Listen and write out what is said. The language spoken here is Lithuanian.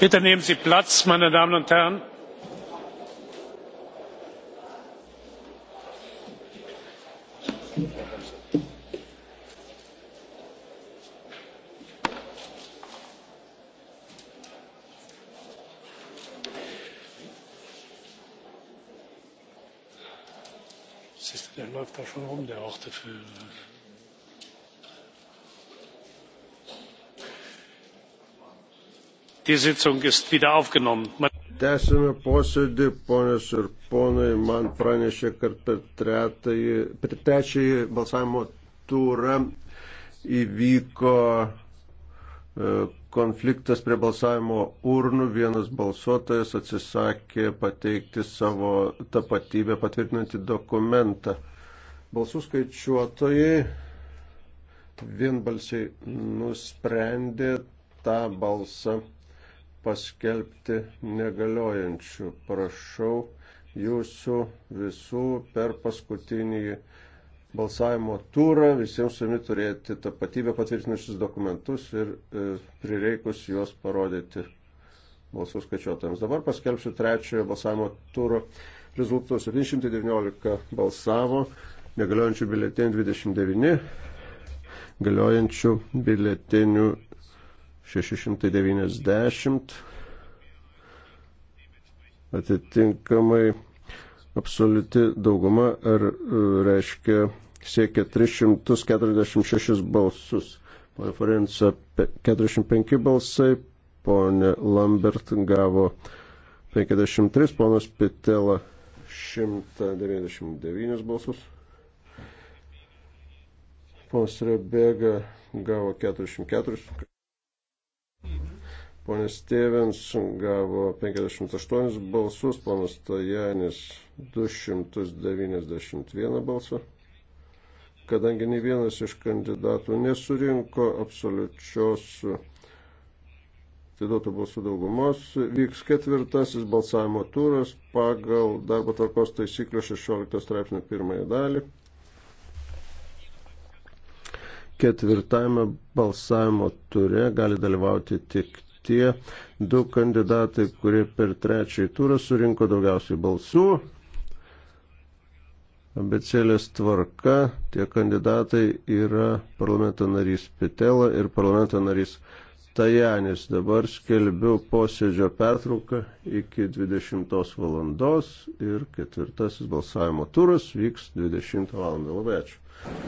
bitte nehmen sie platz meine damen und herren! siehst du der läuft da schon rum der ortefüll. Tęsime posėdį, ponės ir ponai, man pranešė, kad per, tretai, per trečiąjį balsavimo turą įvyko e, konfliktas prie balsavimo urnų. Vienas balsuotojas atsisakė pateikti savo tapatybę patvirtinantį dokumentą. Balsų skaičiuotojai vienbalsiai nusprendė tą balsą paskelbti negaliojančių. Prašau jūsų visų per paskutinį balsavimo turą visiems su jumi turėti tapatybę patvirtinusius dokumentus ir e, prireikus juos parodyti balsų skaičiuotojams. Dabar paskelbsiu trečiojo balsavimo turo rezultatus. 719 balsavo, negaliojančių biletinių 29, galiojančių biletinių 690 atitinkamai absoliuti dauguma ar e, reiškia siekia 346 balsus. Pone Forenca 45 balsai, ponė Lambert gavo 53, ponas Pitela 199 balsus. Ponas Rebega gavo 44. Ponas Stevens gavo 58 balsus, ponas Tajanis 291 balsą. Kadangi nei vienas iš kandidatų nesurinko absoliučios atiduotų balsų daugumos, vyks ketvirtasis balsavimo turas pagal darbo tvarkos taisyklių 16 straipsnio pirmąją dalį. Ketvirtame balsavimo ture gali dalyvauti tik tie du kandidatai, kurie per trečiąjį turą surinko daugiausiai balsų. Abecelės tvarka, tie kandidatai yra parlamento narys Pitela ir parlamento narys Tajanis. Dabar skelbiu posėdžio pertrauką iki 20 valandos ir ketvirtasis balsavimo turas vyks 20 valandą. Labai ačiū.